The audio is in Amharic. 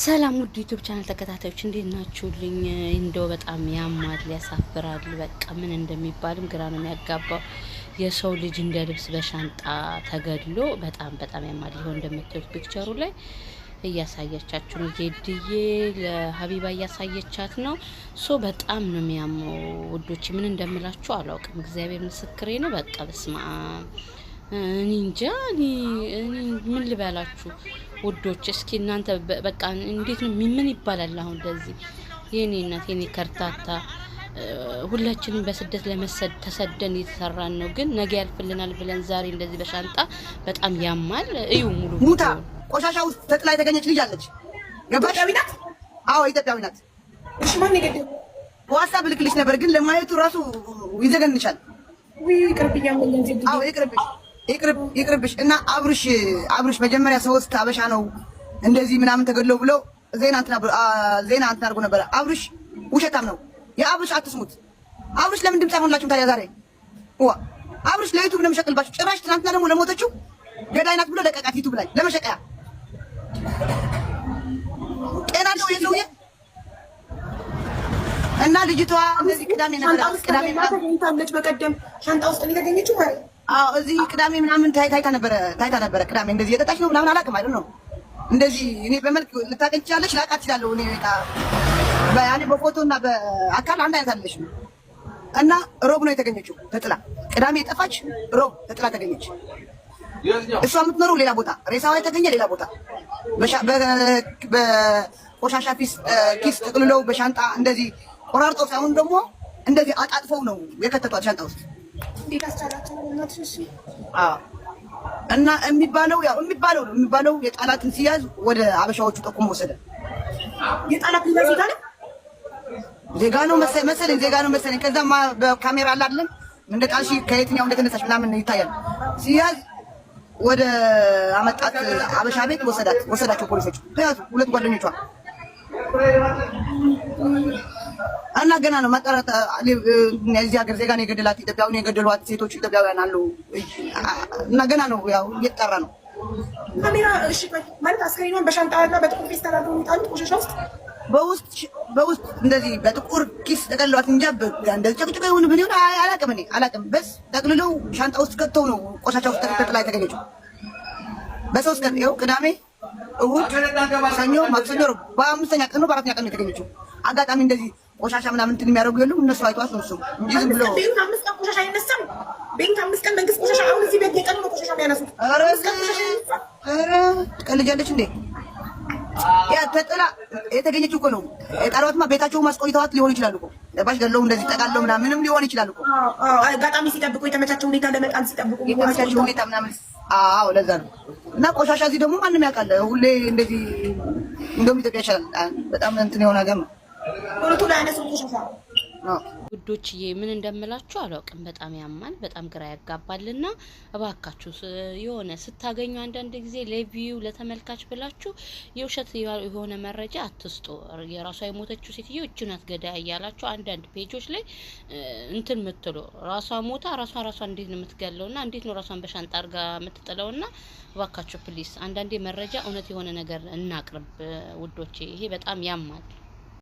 ሰላም ውድ ዩቱብ ቻናል ተከታታዮች እንዴት ናችሁልኝ? እንደው በጣም ያማል፣ ያሳፍራል። በቃ ምን እንደሚባልም ግራ ነው የሚያጋባው። የሰው ልጅ እንደ ልብስ በሻንጣ ተገድሎ በጣም በጣም ያማል። ይሆን እንደምትሉት ፒክቸሩ ላይ እያሳየቻችሁ ነው። ዜድዬ ለሀቢባ እያሳየቻት ነው። ሶ በጣም ነው የሚያመው ውዶች፣ ምን እንደምላችሁ አላውቅም። እግዚአብሔር ምስክሬ ነው። በቃ በስማ እኔ እንጃ ምን ልበላችሁ ውዶች እስኪ እናንተ በቃ እንዴት ነው ምን ይባላል አሁን እንደዚህ የኔ እናት የኔ ከርታታ ሁላችንም በስደት ለመሰድ ተሰደን እየተሰራን ነው ግን ነገ ያልፍልናል ብለን ዛሬ እንደዚህ በሻንጣ በጣም ያማል እዩ ሙሉ ሙታ ቆሻሻ ውስጥ ተጥላ የተገኘች ልጅ አለች ኢትዮጵያዊ ናት አዎ ኢትዮጵያዊ ናት እሺ ማን ይገደል በዋትስአፕ ልክልሽ ነበር ግን ለማየቱ ራሱ ይዘገንሻል ይቅርብኛ አዎ ይቅርብኝ ይቅርብሽ እና አብርሽ አብርሽ መጀመሪያ ሶስት አበሻ ነው እንደዚህ ምናምን ተገድለው ብለው ዜና ዜና እንትን አድርጎ ነበረ። አብርሽ ውሸታም ነው። የአብርሽ አትስሙት። አብርሽ ለምን ድምፅ አይሆንላችሁም ታዲያ? ዛሬ ዋ አብርሽ ለዩቱብ ነው የሚሸቅልባችሁ። ጭራሽ ትናንትና ደግሞ ለሞተችው ገዳይ ናት ብሎ ለቀቃት ዩቱብ ላይ ለመሸቀያ። ጤና ነው የሰውዬ እና ልጅቷ እነዚህ ቅዳሜ ነበረ ቅዳሜ ማለት በቀደም ሻንጣ ውስጥ ነው የተገኘችው ማለት አዎ እዚህ ቅዳሜ ምናምን ታይታ ነበረ ታይታ ነበረ። ቅዳሜ እንደዚህ የጠጣች ነው ምናምን አላውቅም አይደል ነው እንደዚህ እኔ በመልክ ልታቀኝ ትችላለች፣ ላውቃት እችላለሁ። እኔ በቃ ያኔ በፎቶ እና በአካል አንድ አይነት አለች ነው እና ሮብ ነው የተገኘችው ተጥላ። ቅዳሜ የጠፋች ሮብ ተጥላ ተገኘች። እሷ የምትኖረው ሌላ ቦታ፣ ሬሳዋ የተገኘ ሌላ ቦታ በቆሻሻ ኪስ ጥቅልለው በሻንጣ እንደዚህ ቆራርጠው ሳይሆን ደግሞ እንደዚህ አጣጥፈው ነው የከተቷት ሻንጣ ውስጥ እና የሚባለው ያው የሚባለው ነው የሚባለው የጣላትን ሲያዝ ወደ አበሻዎቹ ጠቁም ወሰደ። የጣላት ሲያዝ ታለ ዜጋ ነው መሰለኝ ዜጋ ነው መሰለኝ። ከዛ በካሜራ አለ አይደለም እንደ ጣልሽ ከየትኛው እንደተነሳሽ ምናምን ይታያል። ሲያዝ ወደ አመጣት አበሻ ቤት ወሰዳት ወሰዳቸው ፖሊሶች። ያዙ ሁለት ጓደኞቿ እና ገና ነው መቀረጥ እዚህ ሀገር ዜጋ ነው የገደላት ኢትዮጵያውን የገደሏት ሴቶች ኢትዮጵያውያን አሉ እና ገና ነው ያው እየተጠራ ነው በውስጥ እንደዚህ በጥቁር ኪስ ጠቀልሏት እንጂ እንደዚህ ጨቅጭቀ የሆነ ምን ሆነ አላውቅም። እኔ አላውቅም። በስ ጠቅልለው ሻንጣ ውስጥ ከተው ነው ቆሻሻ ውስጥ ተቀጥላ የተገኘችው። በሶስት ቀን ይኸው ቅዳሜ፣ እሑድ፣ ሰኞ፣ ማክሰኞ በአምስተኛ ቀን ነው በአራተኛ ቀን ነው የተገኘችው። አጋጣሚ እንደዚህ ቆሻሻ ምናምን እንትን የሚያደርጉ የሉም። እነሱ አይቷት ነው እሱ እንጂ ብሎ ቤቱ አምስት ቀን ቤት ቆሻሻ የሚያነሱት። እንዴ? ያ ተጥላ የተገኘችው እኮ ነው። የጣሏትማ ቤታቸው አስቆይተዋት ሊሆን ይችላል እኮ ለባሽ ገለው እንደዚህ ጠቃለው ምናምን ምንም ሊሆን ይችላል እኮ አጋጣሚ ሲጠብቁ የተመቻቸው ሁኔታ ለመጣል ሲጠብቁ የተመቻቸው ሁኔታ ምናምን። አዎ ለዛ ነው። እና ቆሻሻ እዚህ ደግሞ ማንም ያውቃል። ሁሌ እንደዚህ እንደውም ኢትዮጵያ ይሻላል። በጣም እንትን የሆነ ሀገር ነው። ውዶችዬ ምን እንደምላችሁ አላውቅም። በጣም ያማል፣ በጣም ግራ ያጋባልና እባካችሁ የሆነ ስታገኙ አንዳንድ ጊዜ ለቪው ለተመልካች ብላችሁ የውሸት የሆነ መረጃ አትስጡ። የራሷ የሞተችው ሴትዮ እጅ ናት ገዳይ እያላችሁ አንዳንድ ፔጆች ላይ እንትን ምትሉ ራሷ ሞታ ራሷ ራሷ እንዴት ነው የምትገለውና እንዴት ነው ራሷን በሻንጣ አርጋ የምትጥለውና እባካችሁ ፕሊስ አንዳንዴ መረጃ እውነት የሆነ ነገር እናቅርብ ውዶቼ። ይሄ በጣም ያማል።